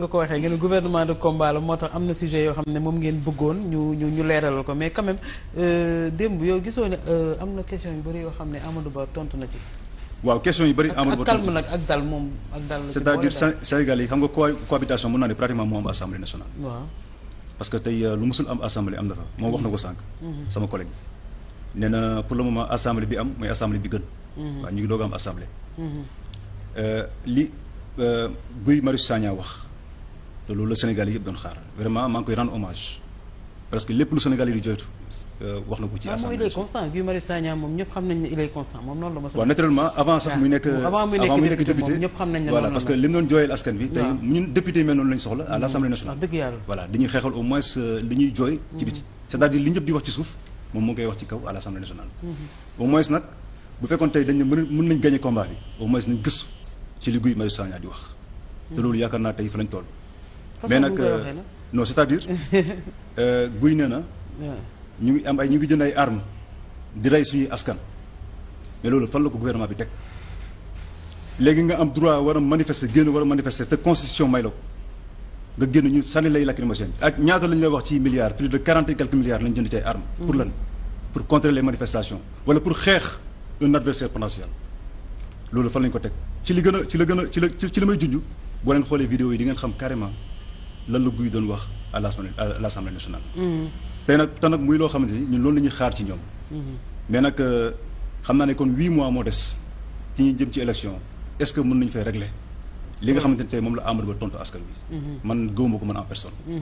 nga ko waxee ngeen gouvernement de combat moo tax am na sujet yoo xam ne moom ngeen bëggoon ñu ñu ñu leeralal ko mais quand même euh, démb yow gisoo euh, am na question yu bëri yoo xam ne Amadou Ba tontu na ci. waaw question yu bëri Amadou Ba tontu ak calme nag ak dal moom ak dal la c'est-à-dire Sénégal yi xam nga cohabitation mën naa ne pratiquement moo am assemblée nationale. parce que tey euh, lu musul am assemblée am na fa moom wax na ko sànq. Mm-hmm. sama collègue nee na pour le moment assemblée bi am mooy assemblée bi gën. Mm-hmm. ñu ngi doog am assemblée. Mm-hmm. li Guy Marius Sagna wax. loolu la Sénégal yi yëpp doon xaar vraiment maa koy rendre hommage parce que lépp lu Sénégal yi di joytu euh, wax na ko ci ah, assemblée mooy moom ñëpp xam nañ ne noonu la soxla à mm. l' nationale dëgg yàlla voilà xeexal au moins euh, li ñuy jooy ci biti c' est à li ñëpp di wax ci suuf moom moo koy wax ci kaw à l' nationale mm-hmm. au moins nag bu fekkoon tey dañ ne mën combat bi au moins nañ gëstu ci li Guy Marius Sagna di wax mm. te loolu yaakaar naa tey fa lañ toll mais nag euh, non c'est-à-dire euh, guy ne na ñu ngi am ay ñu ngi jënd ay armes di rey suñuy askan mais loolu fan la ko gouvernement bi teg léegi nga am droit war a manifester génn war a manifester te constitution may nga génn ñu sànni lay lacrymogène ak ñaata lañ lay wax ci milliards plus de quarante et quelques milliards lañ jënd ci ay armes mm-hmm. pour lan pour contrer manifestation manifestations wala pour xeex un adversaire potentiel loolu fan lañ ko teg ci li gën a ci la gën ci la ci la may junj boo leen xoolee yi di ngeen xam carrément lan la guy doon wax à l'Assemblée nationale. Mm-hmm. tey nag te nag muy loo xamante ni ñun loolu la ñuy xaar ci ñoom. Mm-hmm. mais nag euh, xam naa ne kon huit mois moo des ci ñuy jëm ci élection est-ce que mun nañu fee régler li nga mm-hmm. xamante ni tey moom la Amadou Ba tontu askan bi man gëwuma ko man en personne.